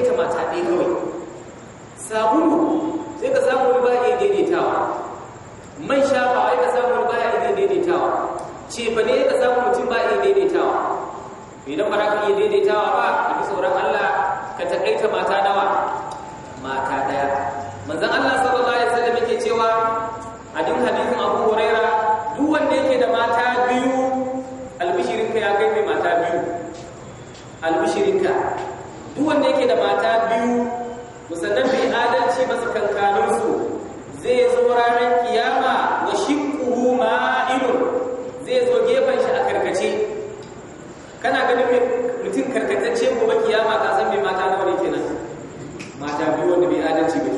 daidaita mata ɗaya kawai sabulu sai ka samu wani baya daidaitawa man shafa ai ka samu wani baya daidaitawa ce ba ne ka samu mutum ba baya daidaitawa Me na fara ka iya daidaitawa ba a bi sauran Allah ka takaita mata nawa mata daya manzon Allah sallallahu alaihi wasallam yake cewa a duk hadisin Abu Huraira duk wanda yake da mata duk wanda yake da mata biyu musannan bai adalci ba tsakankanin su zai zo ranar kiyama wa shiqquhu ma'ilun zai zo gefen shi a karkace kana ganin mutum karkatacce gobe kiyama ka san mai mata nawa ne kenan mata biyu wanda bai adalci ba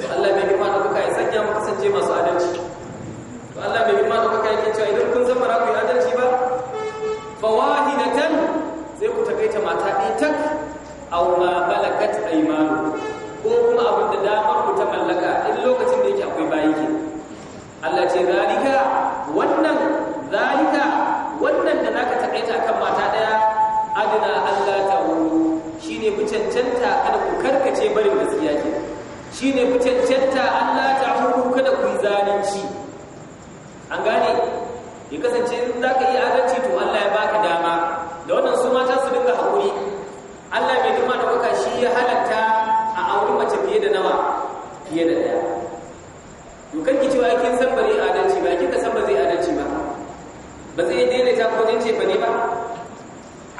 to Allah bai kuma da kai sanya mu kasance masu adalci to Allah bai kuma da kai yake cewa idan kun zama ra ku adalci ba fawahidatan sai ku takaita mata ɗaya auma ma malakat aymanu ko kuma abin da damar ku ta mallaka in lokacin da yake akwai bayi ke Allah ce zalika wannan zalika wannan da naka takaita kan mata daya adana Allah ta wuru shine ku cancanta kada ku karkace barin gaskiya ke shine ku cancanta Allah ta wuru kada ku zalunci an gane ya kasance in zaka iya adalci kin san bari adalci ba kika san ba zai adalci ba ba zai daidaita ko zai ce bane ba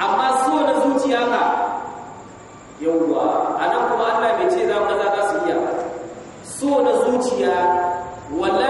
amma so na zuciya ka yawwa anan kuma Allah bai ce za mu kaza za su iya so na zuciya wal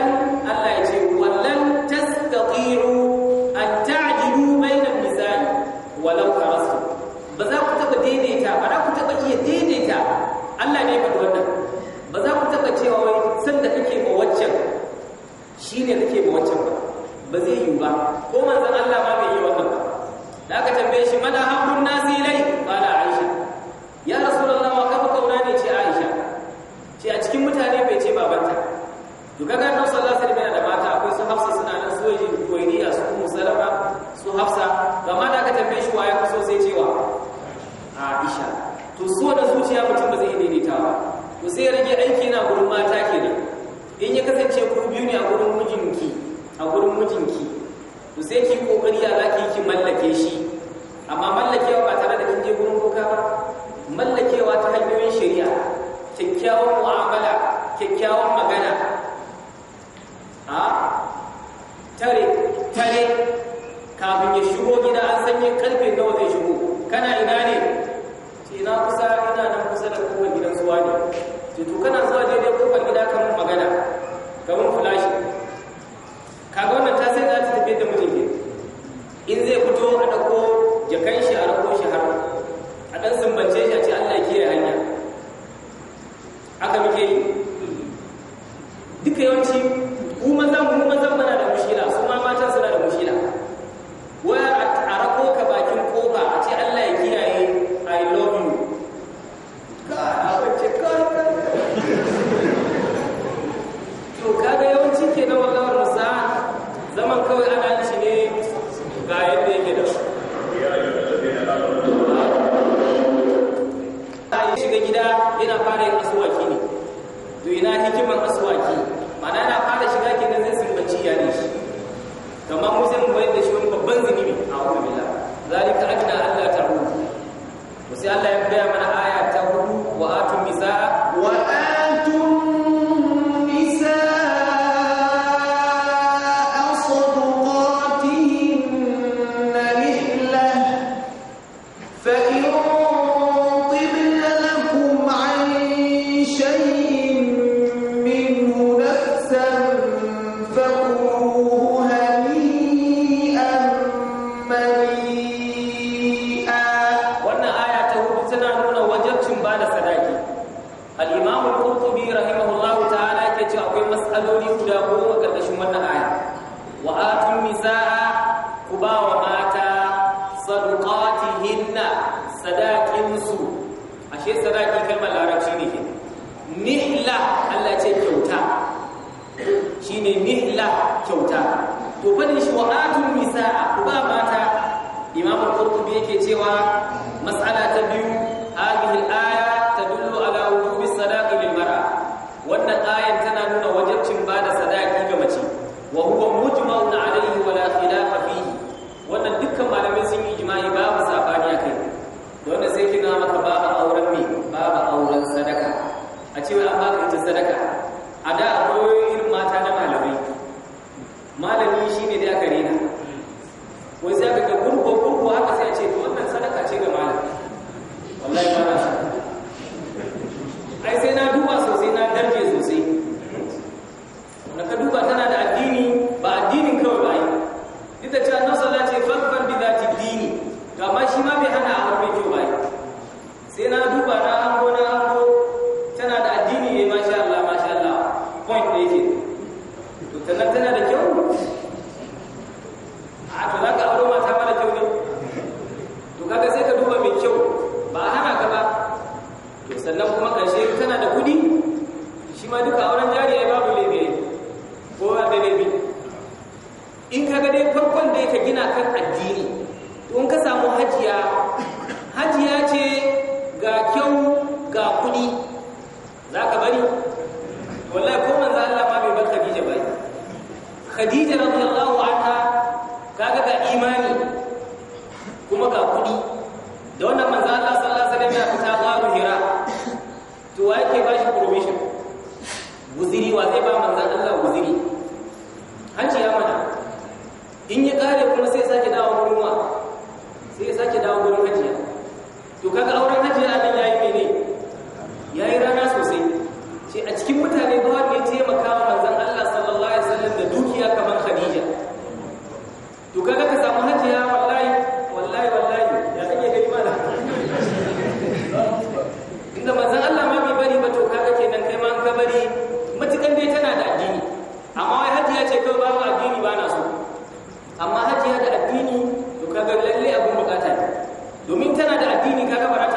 Gaga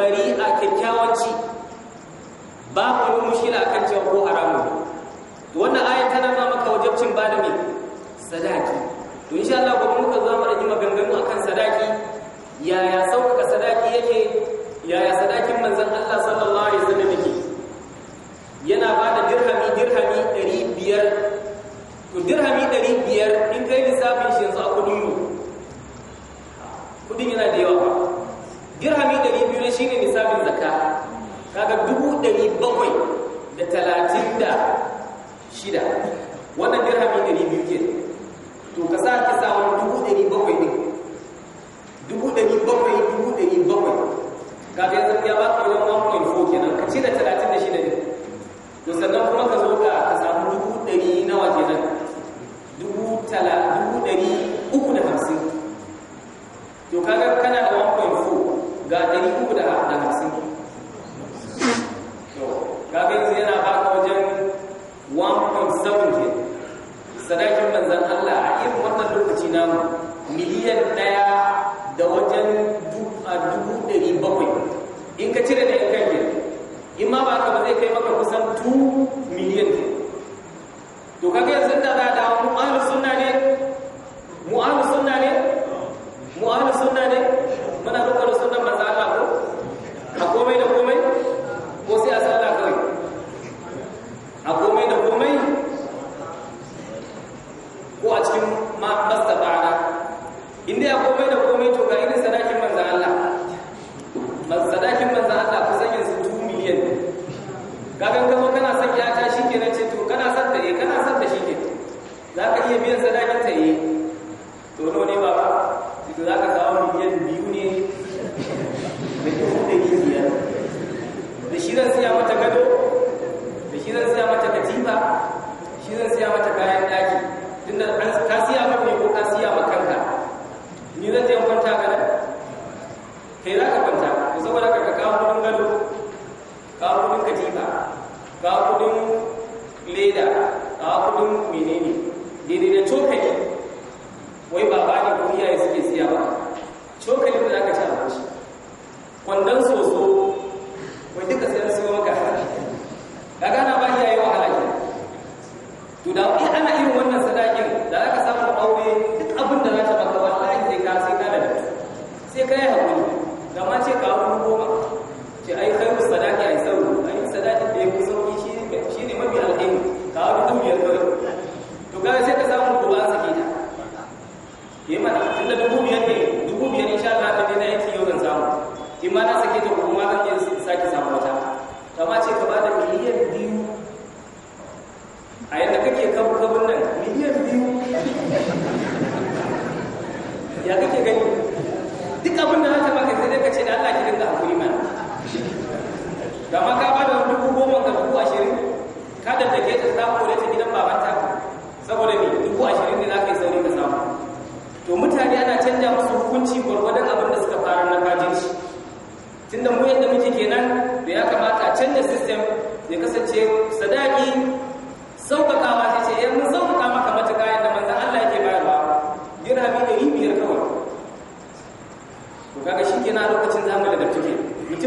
bari a kyakkyawanci ci ba ku yi mushkila a kan cewa ko haramu wannan ayat tana nuna maka wajabcin ba da mai sadaki to insha Allah gobe muka zo mu rage maganganu akan sadaki yaya sauka sadaki yake yaya sadakin manzon Allah sallallahu alaihi wasallam yake yana ba da dirhami dirhami 500 to dirhami 500 in kai lissafin shi yanzu a kudin mu kudin yana da yawa da zaka kaga dubu dari bakwai da talatin da shida wannan dirhami ɗari biyu ke to ka sa ki samu dubu dari bakwai ne dubu dari bakwai dubu dari bakwai kaga yanzu ya ba ka yawan 1.4 kenan ka ci da talatin da shida ne to sannan kuma ka zo ka samu dubu ɗari nawa kenan dubu tala dubu ɗari uku da hamsin to kaga kana da 1.4 ga ɗari uku da hamsin ga yanzu yana ba ka wajen 1.7 ke sadakin manzan Allah a irin wannan lokaci namu miliyan ɗaya da wajen dubu ɗari bakwai in ka cire da yankan ke in ma ba ka ba zai kai maka kusan 2 miliyan To ka kaga yanzu da za a dawo mu'alu sunna ne mu'alu sunna ne mu'alu sunna ne muna roƙar sunna a komai da komai ko sai a sallah kawai a komai da komai ko a cikin masta ba'ana inda ya komai da komai to ga irin sadakin manzan Allah sadakin manzan Allah kusan su 2 miliyan ne kagan kama kana son yata shi ke kenan ce to kana son ta eh, kana son ta shi ke za ka iya biyan sadakin ta yi eh.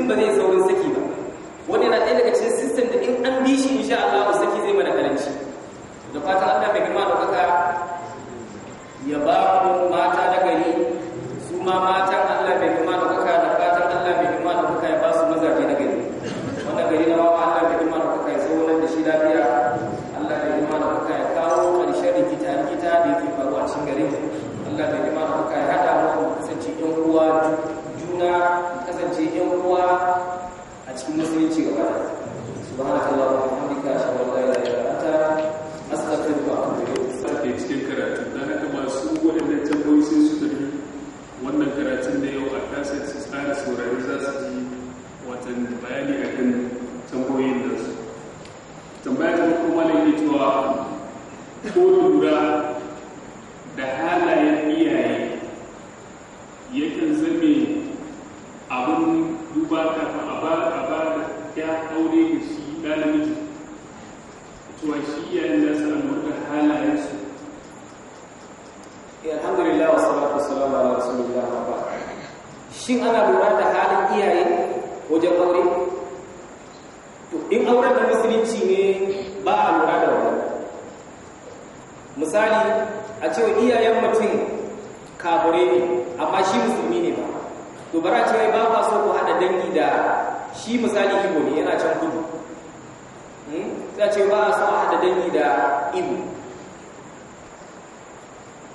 sympathy is always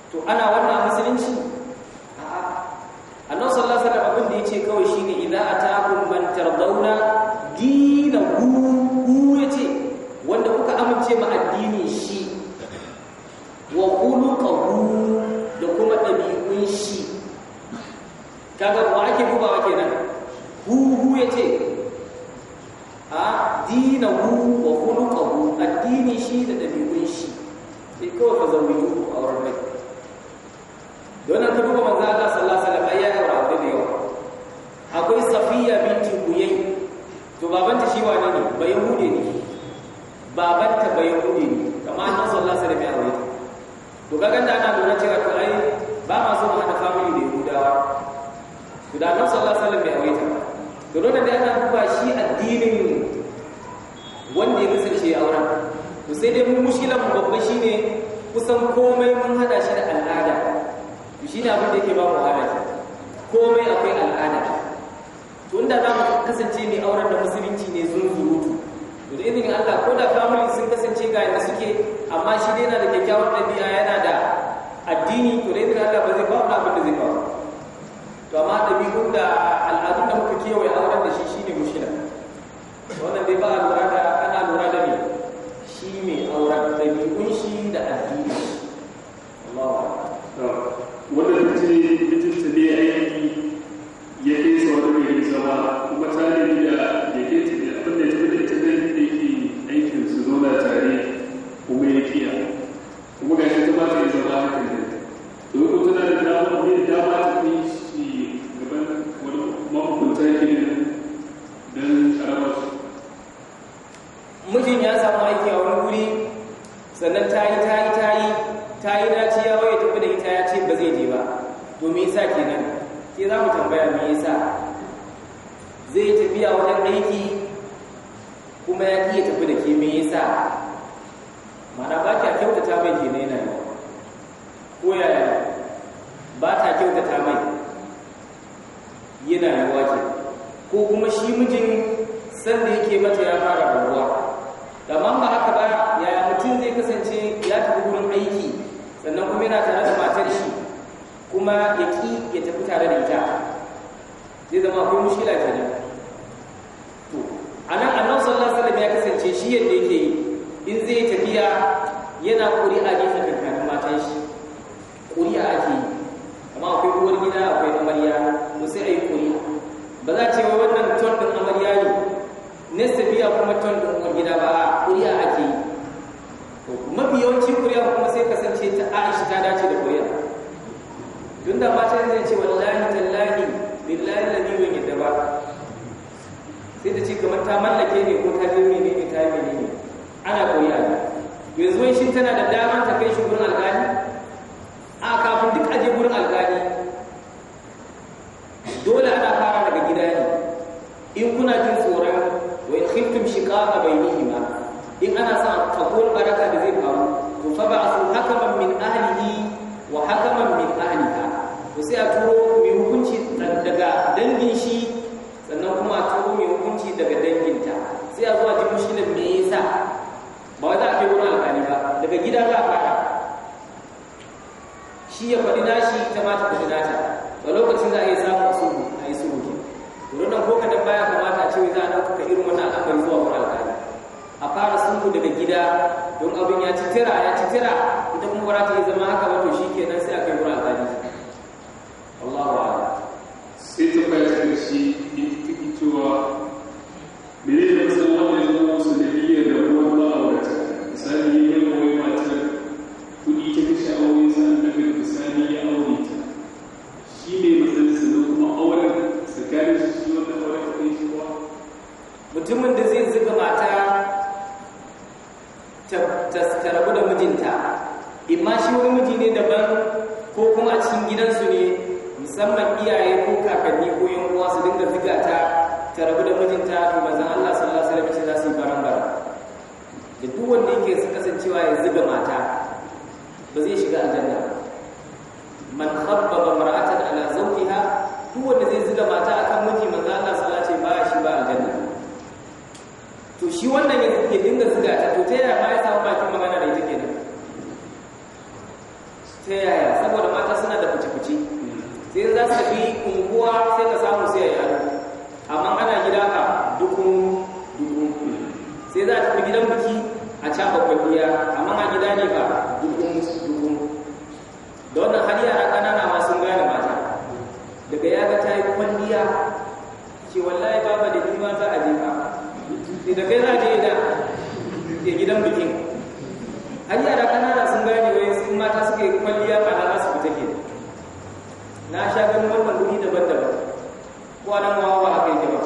to ana wannan musulunci annabi sallallahu alaihi wasallam abin da yace kawai shine idza ataakum man tardawna dinahu ku yace wanda kuka amince ma addini kasance mai auren da musulunci ne zunzurutu to da izinin Allah ko da family sun kasance ga yadda suke amma shi dai yana da daga danginta sai a zuwa shi mushkilan me yasa ba wai za a kai alƙali ba daga gida za a fara shi ya faɗi nashi ta mata ta faɗi nata ba lokacin za a yi samun sulhu a yi sulhu ke wurin nan ko dan baya kamata a ce za a ka irin wannan al'amari zuwa wani alƙali a fara sulhu daga gida don abin ya ci tira ya ci tira ita kuma ba za ta yi zama haka ba to shi kenan sai a kai gidan bikin har yara kanana sun gane wai sun mata suka yi kwalliya ba na su fita ke na sha ganin wannan wuri daban-daban ko anan wawa ba aka yi ba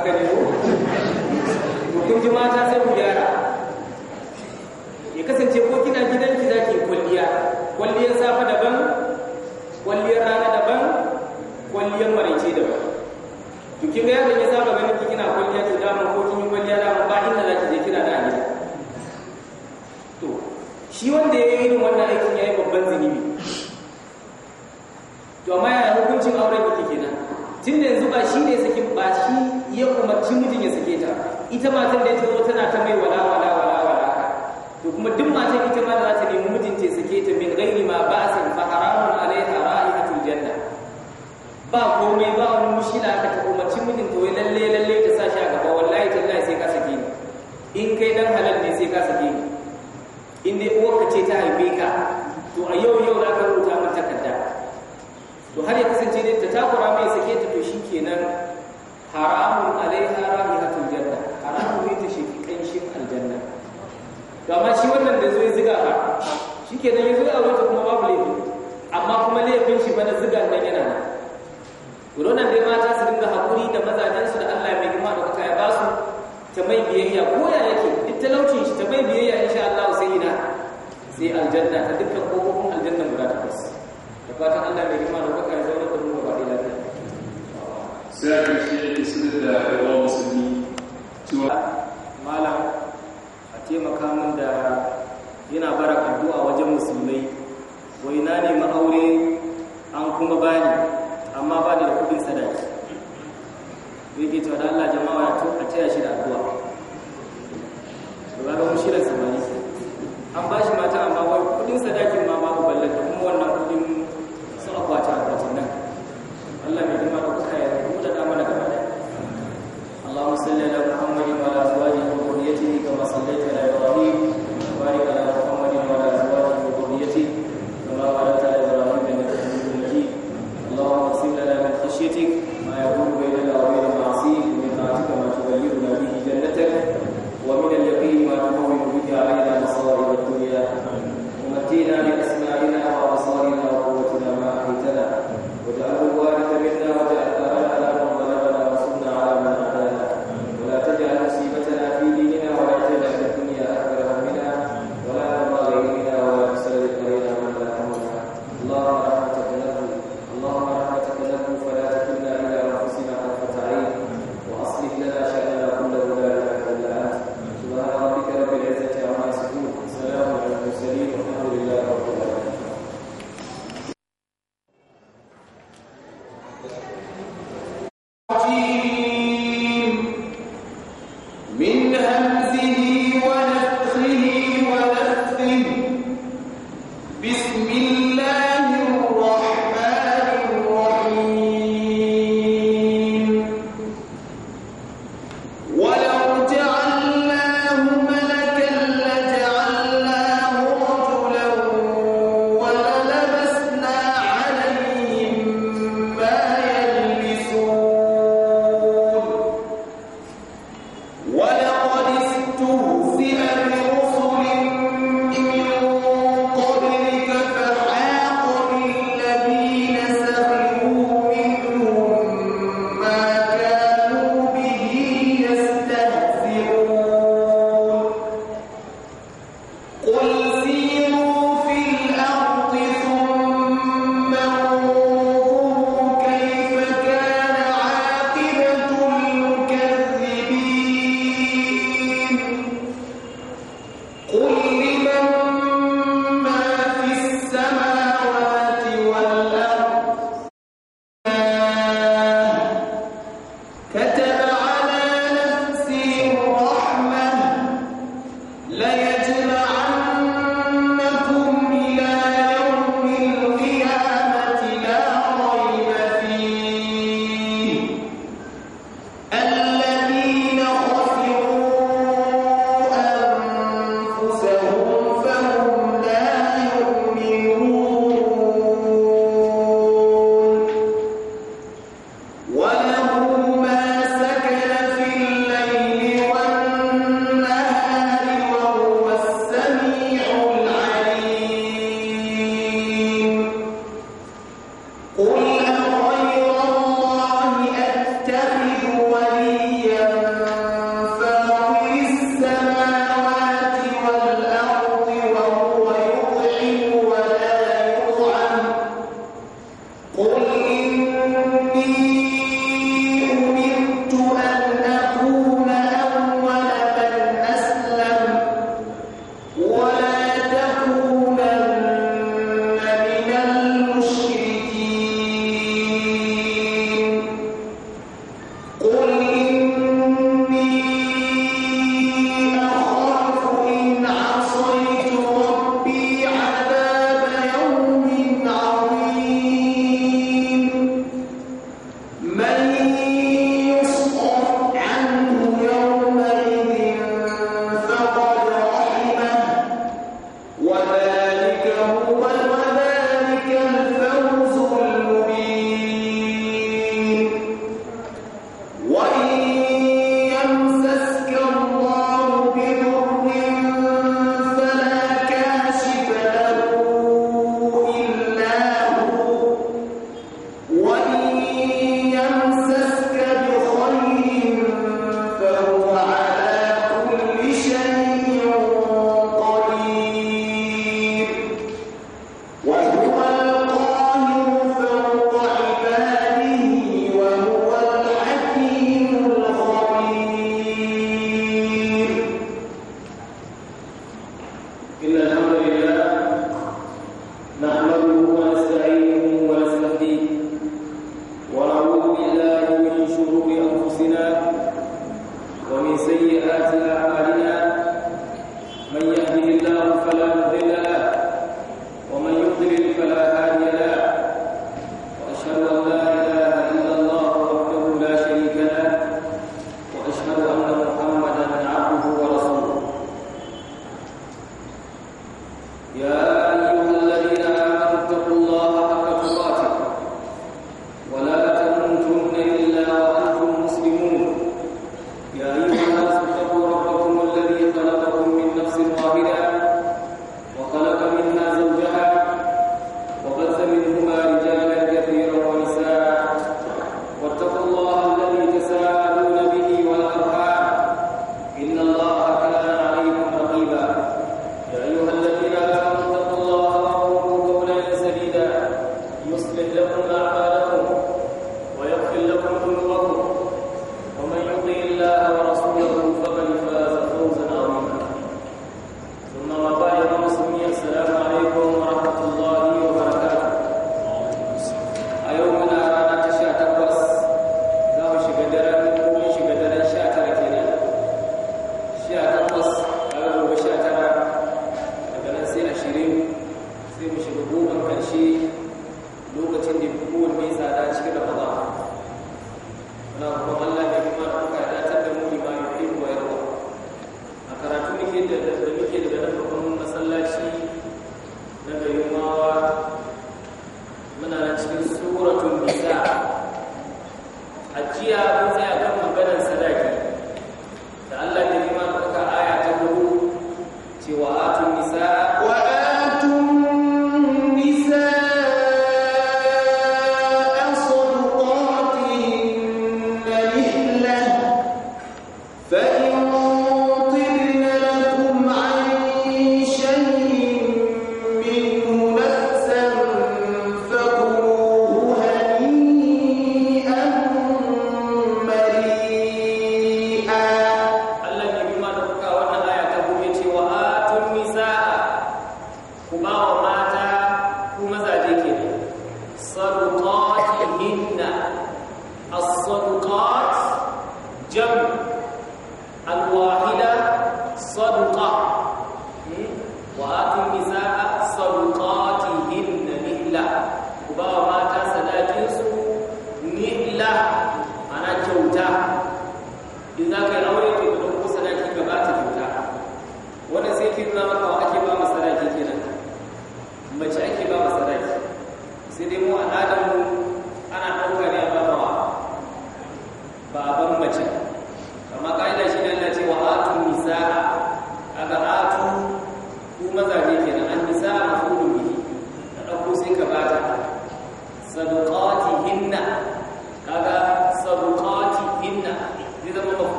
aka ne ko kun ji mata sai ku ya tun da yanzu ba shi ne saki ba shi ya umarci mijin ya sake ta ita matan da ta zo tana ta mai wala wala wala wala to kuma duk matan ita ma za ta nemi mijin ta sake ta min ghairi ma ba ba'sin fa haramun alaiha ra'ihatul janna ba komai ba wani mushi na aka ta umarci mijin wai lalle lalle ta sa shi a gaba wallahi tallahi sai ka sake ni in kai dan halal ne sai ka sake ni in dai uwarka ce ta haife ka to a yau yau za ka to har ya kasance ne ta takura mai sake ta to shi kenan haramun alaiha rahihatul janna haramun ne ta shi kanshin aljanna to amma shi wannan da zai ziga ha shi kenan ya zo a kuma babu laifi amma kuma laifin shi bana ziga nan yana nan Ronan dai mata su dinga hakuri da mazajensu da Allah mai girma da kuka ya ba su ta mai biyayya ko ya yake duk talaucin shi ta mai biyayya insha Allah sai ina sai aljanna ta dukkan kofofin aljanna guda takwas da fatan Allah mai girma da kuka zaune da mu gaba da lafiya sai a karshe ne su da yawa musulmi cewa malam a taimaka min da yana bara addu'a wajen musulmai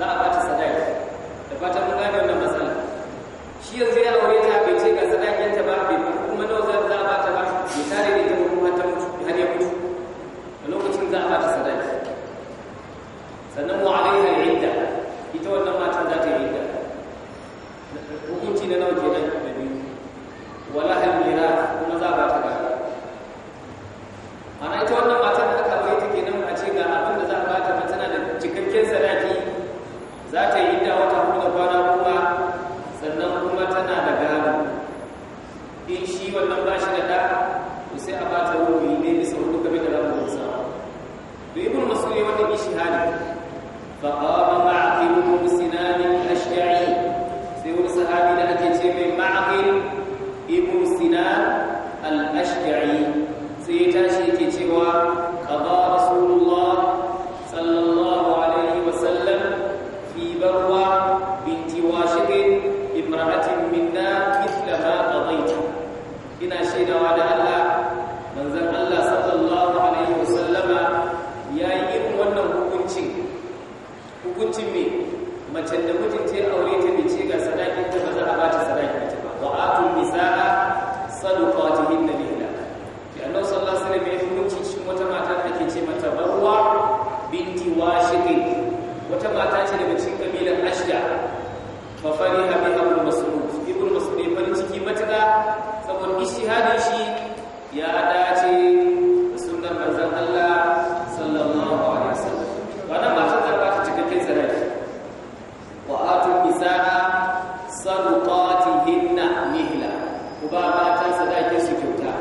za a ba ta sadaki da fatan mun gane wannan matsala shi yanzu sadaqatihinna nihla ku ba mata sadaki su kyauta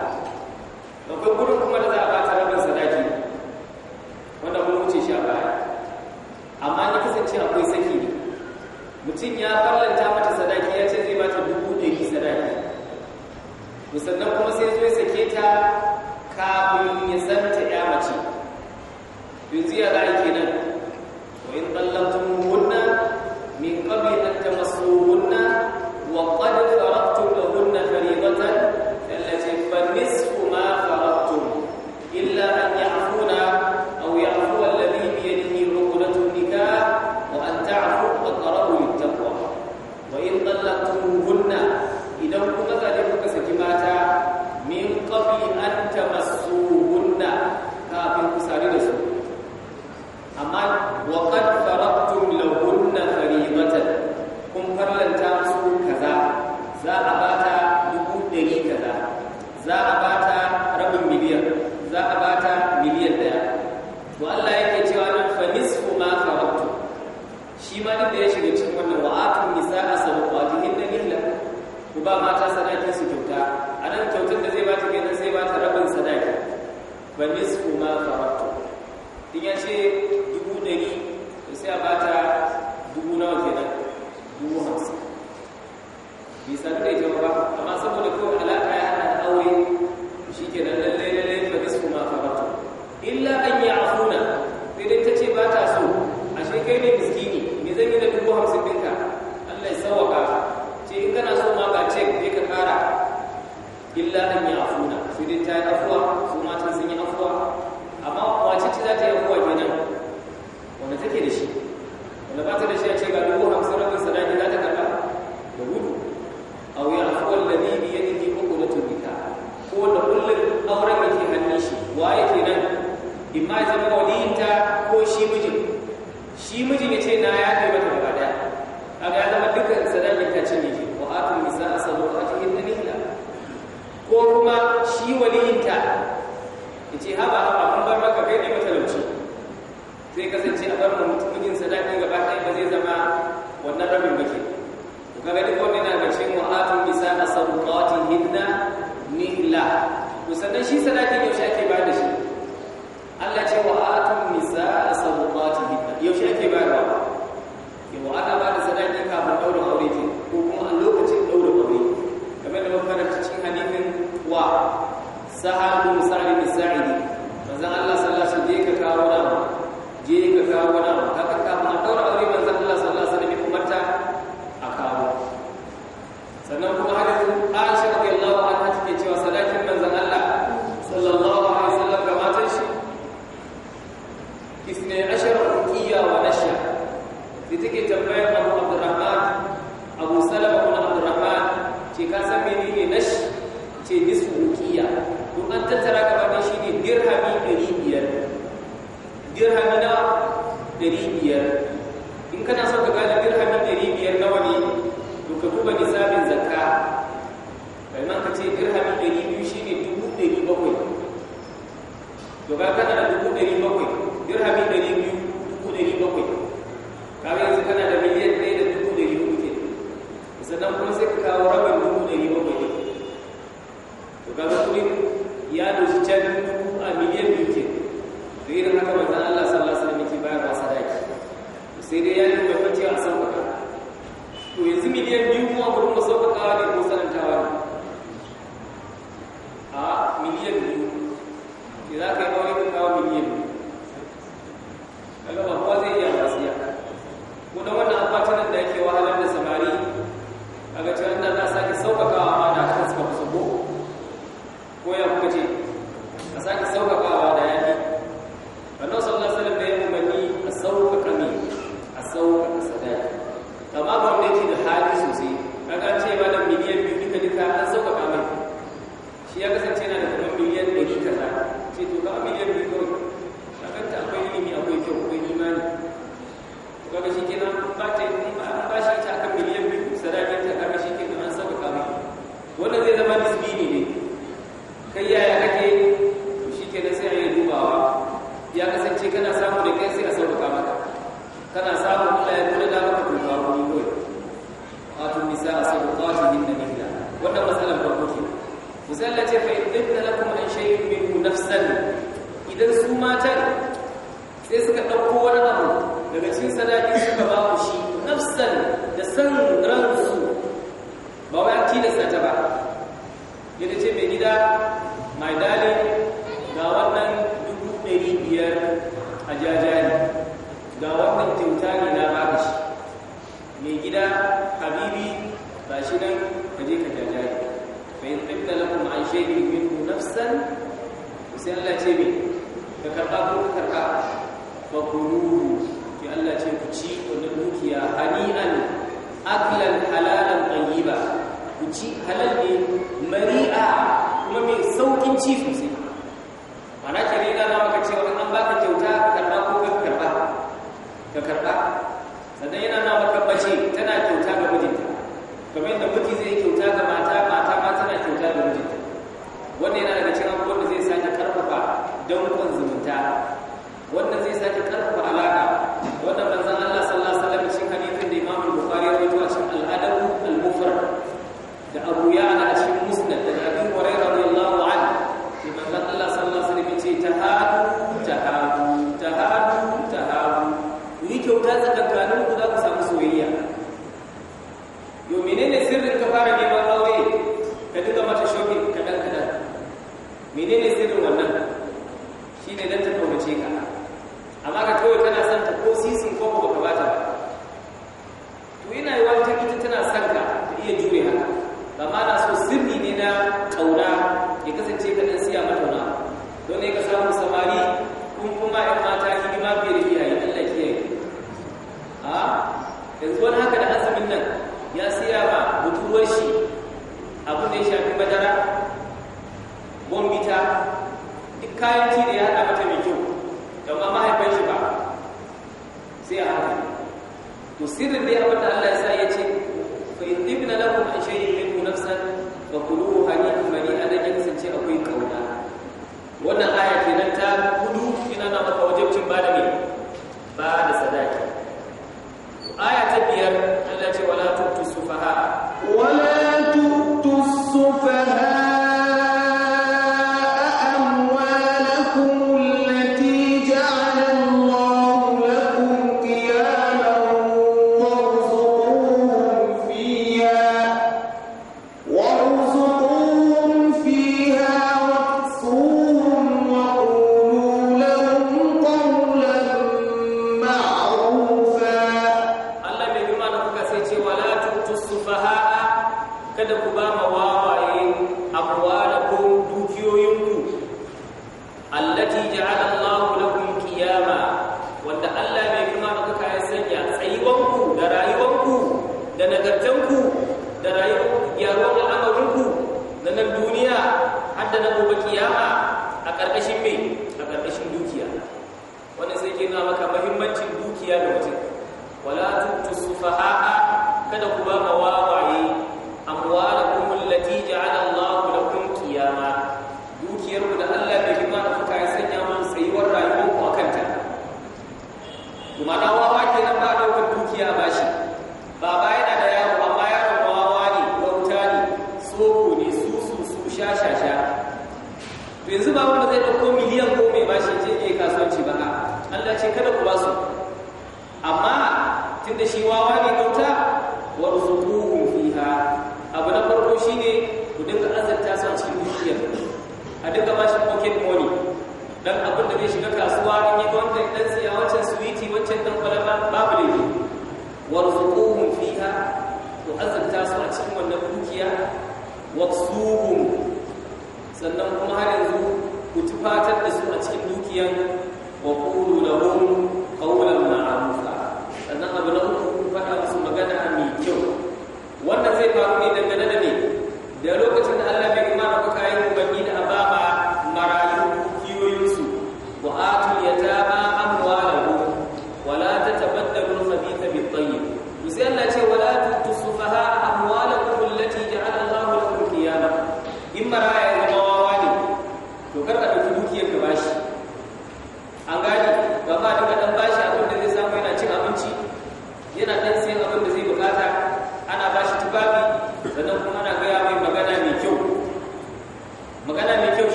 akwai gurin kuma da za a bata rabin sadaki wanda mun wuce shi a baya amma ni kasance akwai saki ne mutum ya farlanta mata sadaki ya ce zai bata dubu ɗari sadaki musannan kuma illa an yi afuna sai dai ta yi afuwa su mata sun yi afuwa amma wace ce za ta yi afuwa kenan wanda take da shi wanda ba ta da shi a ce ga duk to ga kana da dubu ɗari bakwai dirhami ɗari biyu dubu ɗari bakwai yanzu kana da miliyan ɗaya da dubu ɗari hudu ke sannan kuma sai ka kawo rabin dubu ɗari bakwai to kuɗin ya can ga wannan kyauta ne na baka shi mai gida habibi ba shi nan ka je ka jajaye fa in tibna lakum an shay'in min nafsan sai Allah ce me ka karba ko ka karba fa kulu ki Allah ce ku ci wannan dukiya hani'an aklan halalan tayyiba ku ci halal ne mari'a kuma mai saukin ci sosai karɓa sannan yana na wata mace tana kyauta ga mijinta kamar yadda miji zai kyauta ga mata mata ma tana kyauta ga mijinta wannan yana daga cikin abubuwan da zai sa karfafa don kun sirrin dai abin da Allah ya sa ya ce fa in ibna lakum an shay'in minhu nafsan fa kuluhu hanifan mari'a da sace akwai kauna wannan aya kenan ta dukiya waksuhum sannan kuma har yanzu ku tufatar da su a cikin dukiyan wa qulu lahum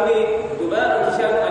ne dubaran shanu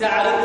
تعرف